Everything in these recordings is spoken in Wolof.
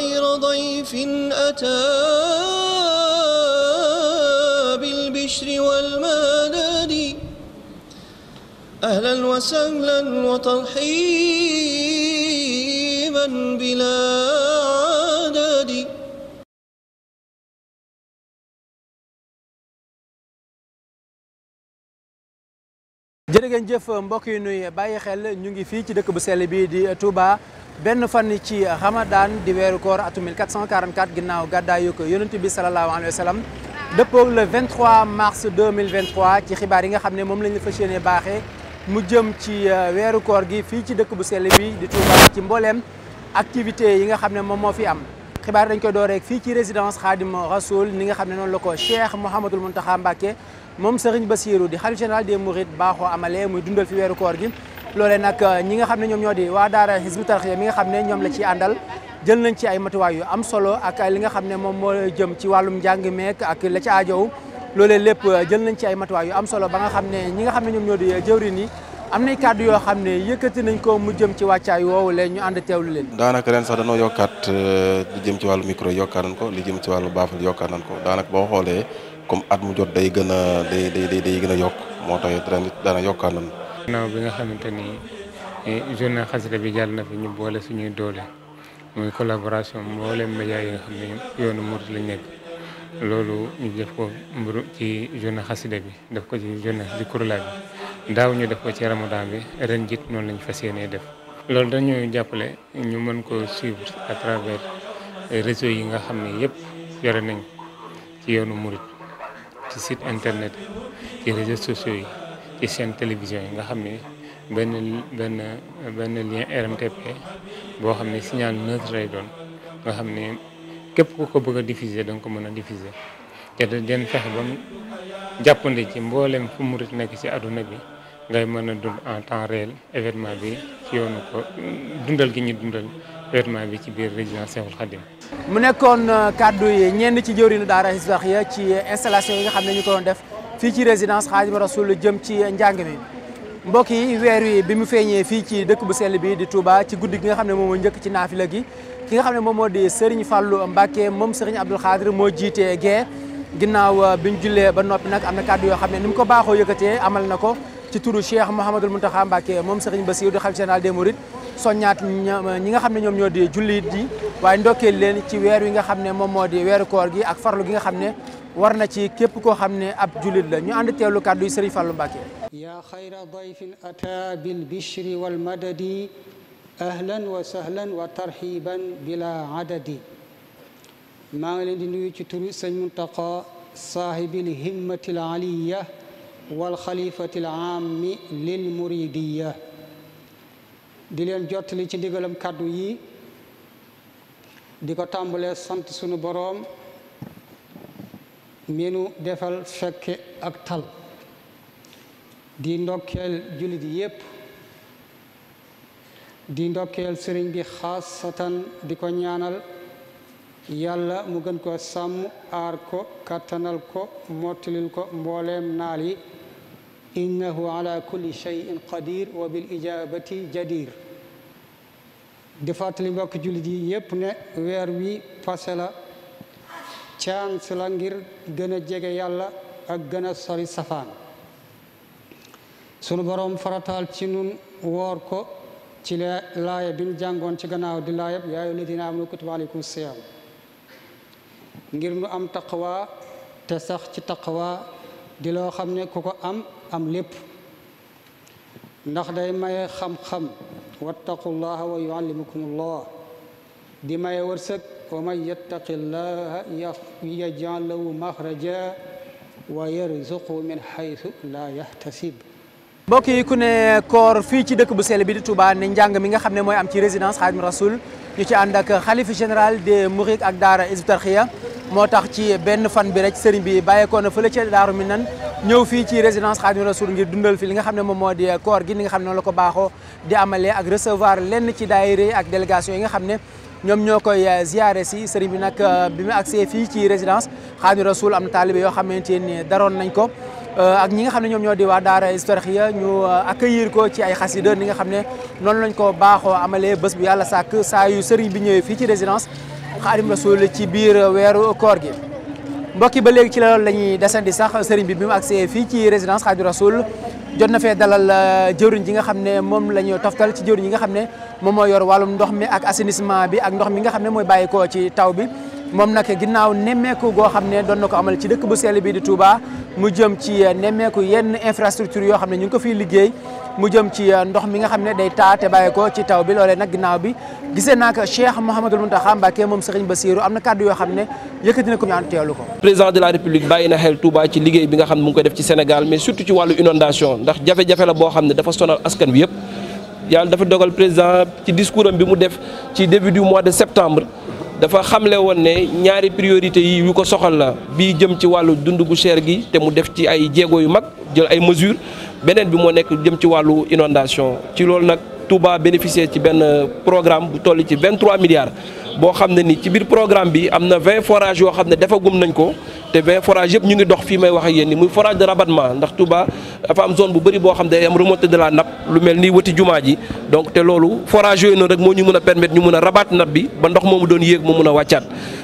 غير ضيف أتى بالبشر والمدد أهلا وسهلا وترحيبا بلا عدد jërë ngeen jëf mbokk yi nuy bàyyi xel ñu ngi fii ci dëkk bu sell bi di Touba benn fan ci Ramadan di weeru koor atum 1444 ginnaaw gàddaayu ko yonent bi salallaahu alayhi wa sallam dëppoog le 23 mars 2023 ci xibaar yi nga xam ne moom lañu fas yéene baaxee mu jëm ci euh, weeru koor gi fii ci dëkk bu sell bi di Touba ci mbooleem activité yi nga xam ne moom moo fi am xibaar dañ koy dooreek fii ci résidence Khadim Rasoul ni nga xam ne noonu la ko Cheikh Mouhamadoul Mountakha Mbacké moom ba Bassirou di xalifa général des Mourides baaxoo amalee muy dundal fi koor gi loolee nag euh, ñi nga xam ne ñoom ñoo di waa daara Hizbut Tarqiyyah mi nga xam ne ñoom la ciy àndal jël nañ ci ay matuwaay yu am solo ak li nga xam ne moom moo jëm ci wàllum njàng meek ak la ci aajow loolee lépp euh, jël nañ ci ay matuwaay yu am solo ba nga xam ne ñi nga xam ne ñoom ñoo di euh, jëwrin yi am na kàddu yoo xam ne yëkkati nañ ko mu jëm ci wàccaay woowu leen ñu ànd teewlu leen daanaka ren sax danoo yokkaat li jëm ci wàllu micro yokkaat nañ ko li jëm ci wàllu baafal yokkaat nañ ko daanaka boo xoolee comme at mu jot day gën a day day day gën a yokk moo tax ren it daana yokkaat nañ gannaaw bi nga xamante ni eh, journée xasida bi jàll na fi ñu boole suñuy doole muy collaboration mbooleem média yi nga xam ne yoonu murit lañ nekk loolu ñu def ko mburu ci journée xasida bi def ko ci journée Zikroulahi bi daaw ñu def ko ci ramodaa bi ren jit noonu lañ fas yéenee def loolu dañuy jàppale ñu mën ko suivre à travers eh, réseau yi nga xam ne yëpp yore nañ ci yoonu murit ci site internet ci réseaux sociaux yi ci seen télévision yi nga xam ni benn benn benn lien RMTP boo xam ne signal neutre lay doon nga xam ne képp ku ko bëgg a diffuser danga ko mën a diffuser te den fexe ba mu jàppandi ci mboolem fu murit nekk ci adduna bi ngay mën a dund en temps réel événement bi ci yoonu ko dundal gi ñu dundal événement bi ci biir résidence Cheikhoul Khadim mu nekkoon euh, kàddu yi ñenn ci jëwriñu daara Hizbut Tarqiyyah ci installation yi nga xam ne ñu ko def fii ci résidence Xaadimu Rasul jëm ci njàng mi mbokk yi weer wi bi mu feeñee fii ci dëkk bu sell bi di Touba ci guddi gi nga xam ne moom moo njëkk ci naafila gi ki nga xam ne moom moo di Serigne Fallou Mbacké moom Serigne Abdoul Khadir moo jiite gee ginnaaw euh, bi ñu jullee ba noppi nag am na kàddu yoo xam ne ni mu ko baaxoo yëkkatee amal na ko ci turu Cheikh Mouhamadul Mountakha Mbacké moom Serigne Bassirou di xalifa général des mourides soññaat ñi nga xam ne ñoom ñoo di jullit yi waaye ndokkeel leen ci weer wi nga xam ne moom moo di weeru koor gi ak farlu gi nga xam ne war na ci képp koo xam ne ab julit la ñu ànd teelu kàddu yi Sëriñ Fàllu Mbàkke yaa xayra dayfin ata bil bishri wal madadi ahlan wa sahlan wa tarxiban bila adadi maa ngi leen di nuyu ci turu sëñ Muntaqa saahibil himmati l aliya wal xalifati l aami lil muridiya di leen jottali ci ndigalam kàddu yi di ko tàmbalee sant sunu boroom minu defal fekke ak tal di ndokkeel jullit yépp di ndokkeel sëriñ bi di ko ñaanal yàlla mu gën ko sàmm aar ko kattanal ko mottalil ko mbooleem naal yi innahu ala kulli shay'in qadir wa bil ijabati jadir di fàttali mbokk jullit yépp ne weer wi passé chance la ngir gën a jege yàlla ak gëna a sori safaan sunu boroom farataal ci nun woor ko ci laaya jàngoon ci gannaaw di laayab yaa ayyuha lladiina aamanu kutiba aleykum siyaam ngir nu am taqwa te sax ci taqwa di loo xam ne ku ko am am lépp ndax day maye xam-xam wattaqullaha wa yuallimukumullah di maye wërsëg wa man yattaqi llaha yaj'al lahu maxraja wa yarzuqu min haythu laa yahtasib mbokk yi ku ne koor fii ci dëkk bu seel bi di Touba ne njàng mi nga xam ne mooy am ci résidence Xaadim Rasul ñu ci ànd ak xalifa général des Mourides ak daara Hizbut Tarqiyyah moo tax ci benn fan bi rek sëriñ bi bàyyeekoo na fële ca Daaru Minaan ñëw fii ci résidence Xaadim Rasul ngir dundal fi li nga xam ne moo di koor gi ni nga xam ne noonu la ko baaxoo di amalee ak recevoir lenn ci daayira ak yi nga xam ne ñoom ñoo koy euh, ziare si sëriñ bi nag euh, bi mu agsee fii ci résidence Xaadimu Rasuul am na yoo xamante ni daroon nañ ko euh, ak ñi nga xam ne ñoom ñoo di waa daara Hizbut-Tarqiyyah ñu accueillir ko ci ay xasida ni nga xam ne noonu lañ ko baaxoo amalee bës bu yàlla sàkk saa yu sëriñ bi ñëwee fii ci résidence Xaadimu Rasuul ci biir weeru koor gi mbokki ba léegi ci la loolu la ñuy desandi sax sëriñ bi bi mu agsee fii ci résidence Xaadimu Rasuul jot na fee dalal euh, jëwriñ ji nga xam ne moom la ñu toftal ci jëwriñ yi nga xam ne moom moo yor wàllum ndox mi ak assainissement bi ak ndox mi nga xam ne mooy bàyyi ko ci taw bi moom nag ginnaaw nemmeeku goo xam ne doon na ko amal ci dëkk bu sell bii di Touba mu jëm ci eh, nemmeeku yenn infrastructure yoo xam ne ñu ngi ko fi liggéey mu jëm ci eh, ndox mi nga xam ne day taa te bàyyi ko ci taw bi loolee nag ginnaaw bi gisee naa ko Cheikh Mouhamadul Mountakha Mbacké moom ba Bassirou am na kàddu yoo xam ne yëkkati na ko ñu ànd teelu ko président de la république bàyyi na xel Touba ci liggéey bi nga xam ne mu ngi ko def ci Sénégal mais surtout ci wàllu inondation ndax boo xam ne dafa askan wi yëpp yàlla dafa dogal président ci discours am bi mu def ci début du mois de septembre dafa xamle woon ne ñaari priorité yi yu ko soxal la bii jëm ci wàllu dund gu cher gi te mu def ci ay jéego yu mag jël ay mesures beneen bi moo nekk jëm ci wàllu inondation ci loolu nag Touba bénéficier ci benn programme bu toll ci 23 milliards. boo xam ne ni ci biir programme bi am na vingt forages yoo xam ne defagum nañ ko te vingt forages yëpp ñu ngi dox fii may wax ak yéen ni muy forage de rabattement ndax Touba dafa am zone bu bari boo xam ne day am remontée de la nappe lu mel ni wëti jumaa ji donc te loolu forage yooyu noonu rek moo ñu mën a permettre ñu mën a rabat nappe bi ba ndox moomu doon yéeg mu mën a wàccaat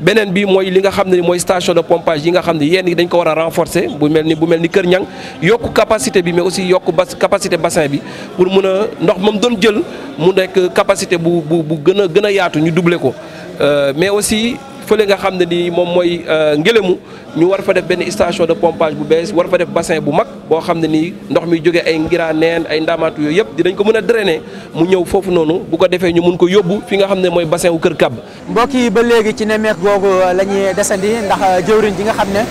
beneen bi mooy li nga xam ne ni mooy station de pompage yi nga xam ne yéen yi dañ ko war a renforcer bu mel ni bu mel ni Kër Ñang yokk capacité bi mais aussi yokk bas capacité bassin bi pour mën a ndox moom doon jël mu nekk capacité bu bu bu gën a gën a yaatu ñu doubler ko Euh, mais aussi fële nga xam ne ni moom mooy euh, ngelamu ñu war fa def benn station de pompage bu bees war fa def bassin bu mag boo xam ne ni ndox mi jóge ay ngira neen ay ndaamaatu yooyu yëpp dinañ ko mën a drainer mu ñëw foofu noonu bu ko defee ñu mun ko yóbbu fi nga xam ne mooy bassin wu Kër Kàbb. mbokk yi ba léegi ci nemmeek googu euh, la ñuy desandi ndax jëwriñ ji nga xam ne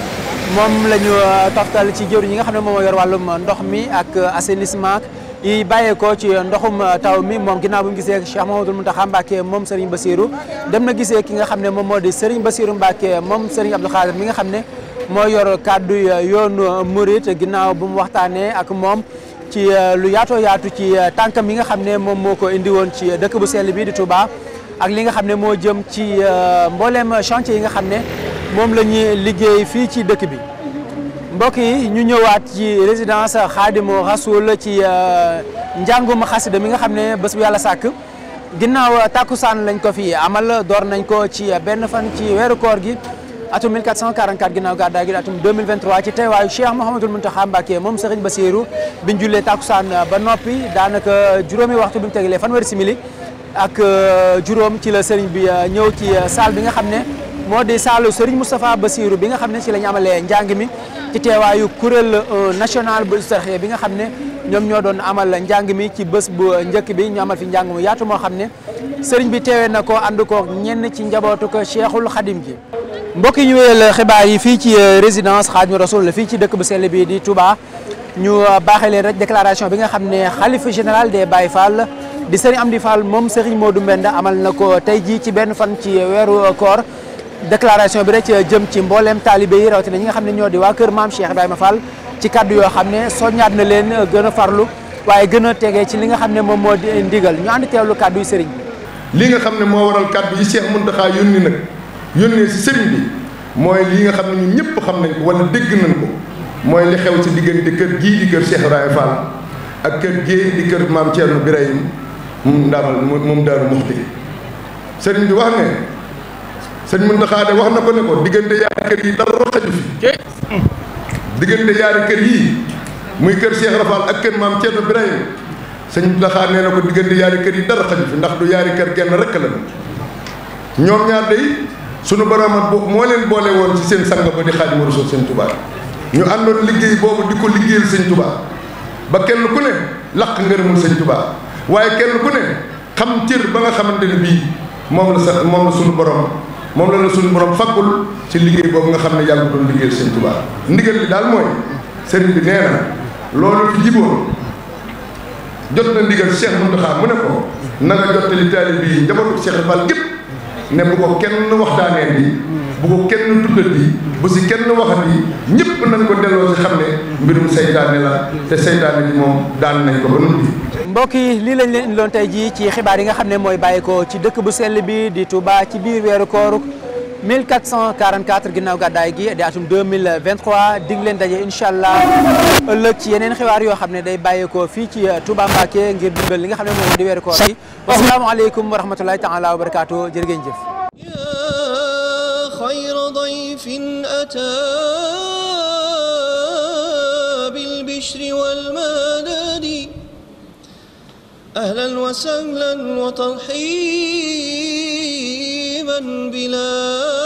moom la ñu toftal ci jëwriñ yi nga xam ne moom moo yor wàllum ndox mi ak assainissement. yi bàyyeekoo ci ndoxum uh, taw mi moom ginnaaw bu mu gisee Cheikh Mouhamadoul Mountakha Mbacké moom Serigne Bassirou dem na gisee ki nga xam ne moom moo di Serigne Bassirou Mbacké moom Serigne Abdou Khadir mi nga xam ne moo yor kàddu uh, yoon uh, Mouride ginnaaw bu mu waxtaanee ak moom ci lu yaatoo yaatu ci tànkam yi nga xam ne moom moo ko indi woon ci dëkk bu sell bi di Touba ak li nga xam ne moo jëm ci mbooleem chantier yi nga xam ne moom la ñuy liggéey fii ci dëkk bi. mbokk yi ñu ñëwaat ci résidence Khadimou Rassoul ci euh, njàngum xasida mi nga xam ne bés bu yàlla sàkk ginnaaw takkusaan lañ ko fii amal door nañ ko ci benn fan ci weeru koor gi atum 1444 ginnaaw gàddaay gi atum 2023 ci teewaayu Cheikh Mouhamadul Mountakha Mbacké moom Serigne Bassirou biñ jullee takkusaan ba noppi daanaka juróomi waxtu bi mu tegalee fanweeri simili ak euh, juróom ci la Serigne bi euh, ñëw ci salle bi nga xam ne moo di saalu Serigne Moustapha Bassirou bi nga xam ne ci la ñu amalee njàng mi. ci teewaayu kuréel euh, national bu Hizbut-Tarqiyyah bi nga xam ne ñoom ñoo doon amal njàng mi ci bës bu njëkk bi ñu amal fi njàng mu yaatu moo xam ne sëriñ bi teewee na ko ànd ko ñenn ci njabootu ko Cheikhul Khadim gi mbokk yi ñu wéyal xibaar yi fii ci euh, résidence Xaadimu Rasuul la fii ci dëkk bu sell bi di Touba ñu euh, baaxee leen rek déclaration bi nga xam ne xalifa général de Baye fal di sëriñ Amdi fal moom sëriñ Modou Mbend amal na ko tey jii ci benn fan ci weeru koor déclaration bi rek jëm ci mbooleem taalibe yi rawatina ñi nga xam ne ñoo di waa kër maam Cheikh Ibrahima Fall ci kaddu yoo xam ne soññaat na leen gën a farlu waaye gën a tegee ci li nga xam ne moom moo di ndigal ñu ànd teewlu kaddu yi sëriñ bi li nga xam ne moo waral kaddu yi Cheikh Mountakha yónni nag yónnee si sëriñ bi mooy li nga xam ne ñun ñëpp xam nañ ko wala dégg nañ ko mooy li xew ci diggante kër gii di kër Cheikh Ibrahima Fall ak kër gii di kër maam Thierno Birahim moom ndaamal moom Daaru Muxti sëriñ bi wax ne sëñ Muntaxa de wax na ko ne ko diggante yaari kër yi dara xaju fi diggante yaari kër yii muy kër Cheikh Rafal ak kër maam Thierno Birahim sëñ Muntaxa nee na ko diggante yaari kër yi dara xaju fi ndax du yaari kër genn rekk la ñoom ñaar day sunu borom moo leen boole woon ci seen sang ba di Xaadimu Rasuul sëñ Tuubaa ñu àndoon liggéey boobu di ko liggéeyal sëñ Tuubaa ba kenn ku ne laq ngërëmul sëñ Tuubaa waaye kenn ku ne xam cër ba nga xamante ne bii moom la sa moom la sunu moom la la suñu borom fakkul ci liggéey boobu nga xam ne yàlla doon liggéeyal sëñ Tuubaa ndigal li daal mooy sëriñ bi nee na loolu fi jiboon jot na ndigal Cheikh Mountakha mu ne ko na nga jottali taalib yi njabootu Cheikh Ibal gépp ne bu ko kenn waxtaanee bi bu ko kenn tuddati bu si kenn waxati ñëpp nañ ko delloo si xam ne mbirum seytaane la te seytaane bi moom daan nañ ko ba noppi. mbokk yi lii lañ leen indiloon tey jii ci xibaar yi nga xam ne mooy bàyyeekoo ci dëkk bu sell bi di tubaa ci biir weeru koor ginnaw ginnaaw gàddaay gi di atum 2023 dig leen daje incha allah ëllëg ci yeneen xibaar yoo xam ne day bàyyeekoo fii ci uh, tubaa Mbacké ngir dimbal li nga xam ne moom di weeru koor yi. asalaamaaleykum wa rahmatulahi taala wa barakaatu jërë ngeen jëf. ألف أتى بالبشر والمدد أهلا وسهلا وترحيبا بلا